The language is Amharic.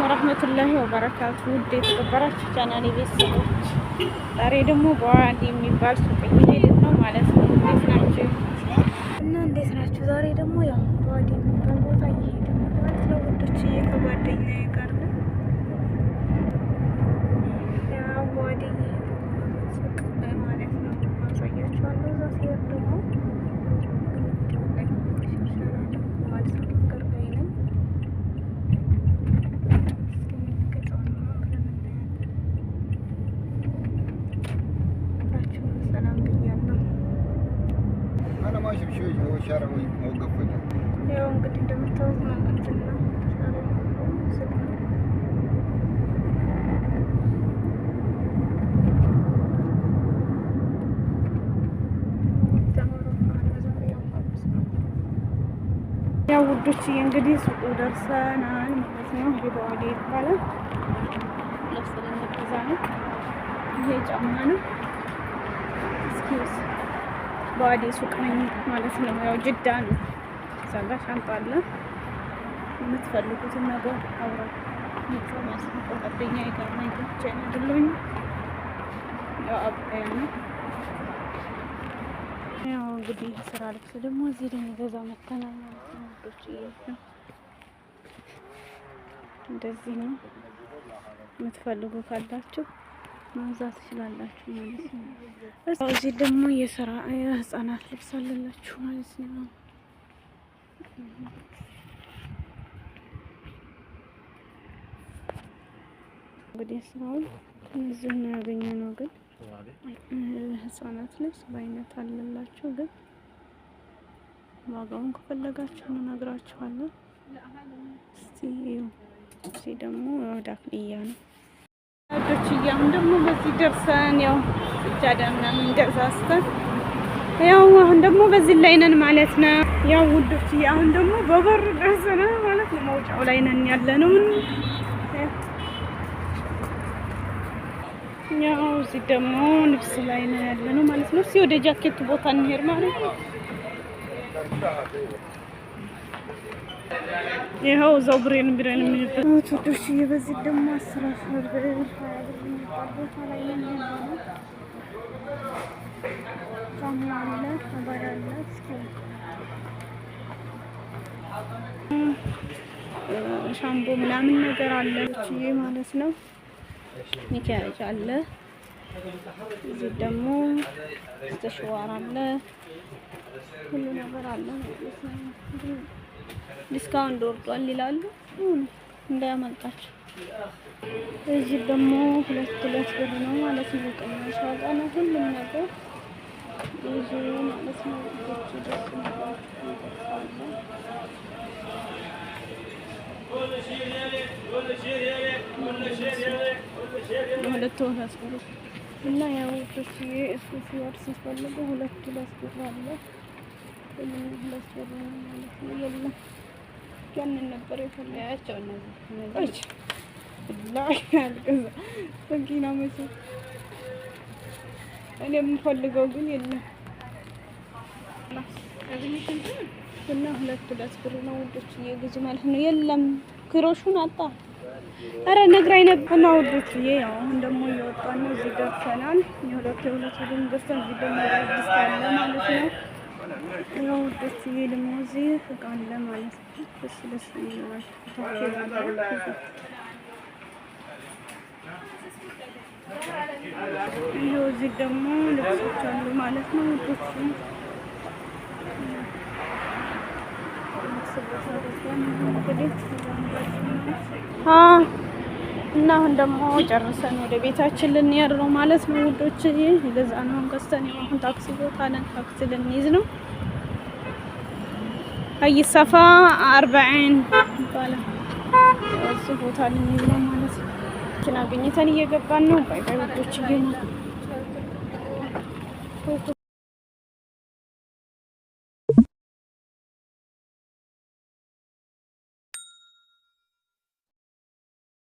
ወረህመቱላሂ ወበረካቱ ውድ የተከበራችሁ ቻናሌ ቤተሰቦች ዛሬ ደግሞ በዋድ የሚባል ሱቅ እየሄድን ነው ማለት ነው። እንዴት ናችሁ እና እንዴት ናችሁ? ዛሬ ደግሞ ያው በዋድ የሚባል ቦታ እየሄድን ነው ማለት ነው ውዶች፣ ከጓደኛዬ ጋር ነው ያው በዋድ ግማሽም ሺዎች ወሻረ ወይ ወገፈለ ያው እንግዲህ እንደምታወቅ ነው እንትን ያው ውዶች እንግዲህ ሱቁ ደርሰናል ማለት ነው። ሄደዋል ይባላል ለብሰን ነው ይሄ ጫማ ነው። በአዲስ ሱቅ ነኝ ማለት ነው። ያው ጅዳ ነው። እዛ ጋር ሻንጣ አለ። የምትፈልጉትን ነገር አውራ ጓደኛ ያው ነው። ያው እንግዲህ ስራ ልብስ ደግሞ እዚህ ልንገዛ መተናል ማለት ነው። እንደዚህ ነው። የምትፈልጉ ካላችሁ ማብዛት ትችላላችሁ ማለት ነው። እዚህ ደግሞ የስራ የህፃናት ልብስ አለላችሁ ማለት ነው። እንግዲህ ስራውን እዚህ ነው ነው። ግን ህፃናት ልብስ በአይነት አለላችሁ። ግን ዋጋውን ከፈለጋችሁ እነግራችኋለን። እስቲ ደግሞ ወደ አክሊያ ነው ዶች እያሁን ደግሞ በዚህ ደርሰን ያው ስጃዳ ምናምን ገዛዝተን ያው አሁን ደግሞ በዚህ ላይ ነን ማለት ነው። ያው ውዶች አሁን ደግሞ በበር ደርሰን ማለት ነው። መውጫው ላይ ነን ያለ ነው። ያው እዚህ ደግሞ ልብስ ላይ ነን ያለ ነው ማለት ነው። እስኪ ወደ ጃኬቱ ቦታ እንሄድ ማለት ነው። ይኸው እዛው ብሬን ብሬን የሚልበት ወዶች እየበዚህ ደግሞ አስራፍ ሻምቦ ምናምን ነገር አለ ችዬ ማለት ነው። ሚኪያጅ አለ። እዚህ ደግሞ ስተሽዋር አለ። ሁሉ ነገር አለ ማለት ነው። ዲስካውንት ወርዷል ይላሉ። እንዳያመልጣችሁ። እዚህ ደግሞ ሁለት ሁለት ብር ነው ማለት ነው። ቅናሽ ዋጋ ነው ሁሉም ነገር ብዙ ማለት ነው። ልጆቹ ደስ ሁለት ሁለት ብር እና ያው ሶስዬ እሱ ሲወር ሲፈልጉ ሁለት ሁለት ብር አለ ሁለት ብር ማለት ነው። የለም ያንን ነበር የፈለያቸው እነዚህ ላይ መቼ እኔ የምፈልገው ግን የለም እና ሁለት ሁለት ብር ነው ውዶች፣ እየግዙ ማለት ነው። የለም ክሮሹን አጣ። አረ ነግራይ ነበር ነው ውዶች። ይሄ ያው አሁን ደግሞ እየወጣን ነው። እዚህ ደርሰናል። የሁለት የሁለት ብር ደርሰን እዚህ ደግሞ አዲስ አለ ማለት ነው። ለውዶች ይሄ ደግሞ እዚህ እቃ አለ ማለት ነው። ደስ ደስ ይላል። ይኸው እዚህ ደግሞ ልብሶች አሉ ማለት ነው። ውዶች እንግዲህ እና አሁን ደግሞ ጨርሰን ወደ ቤታችን ልንሄድ ነው ማለት ነው ውዶች። ለዛ የገዛነውን ገዝተን አሁን ታክሲ ቦታ ነን፣ ታክሲ ልንይዝ ነው። አይ ሰፋ አርባዕን ይባላል እሱ ቦታ ልንይዝ ነው ማለት ነው። መኪና አግኝተን እየገባን ነው። ባይ ባይ ውዶች።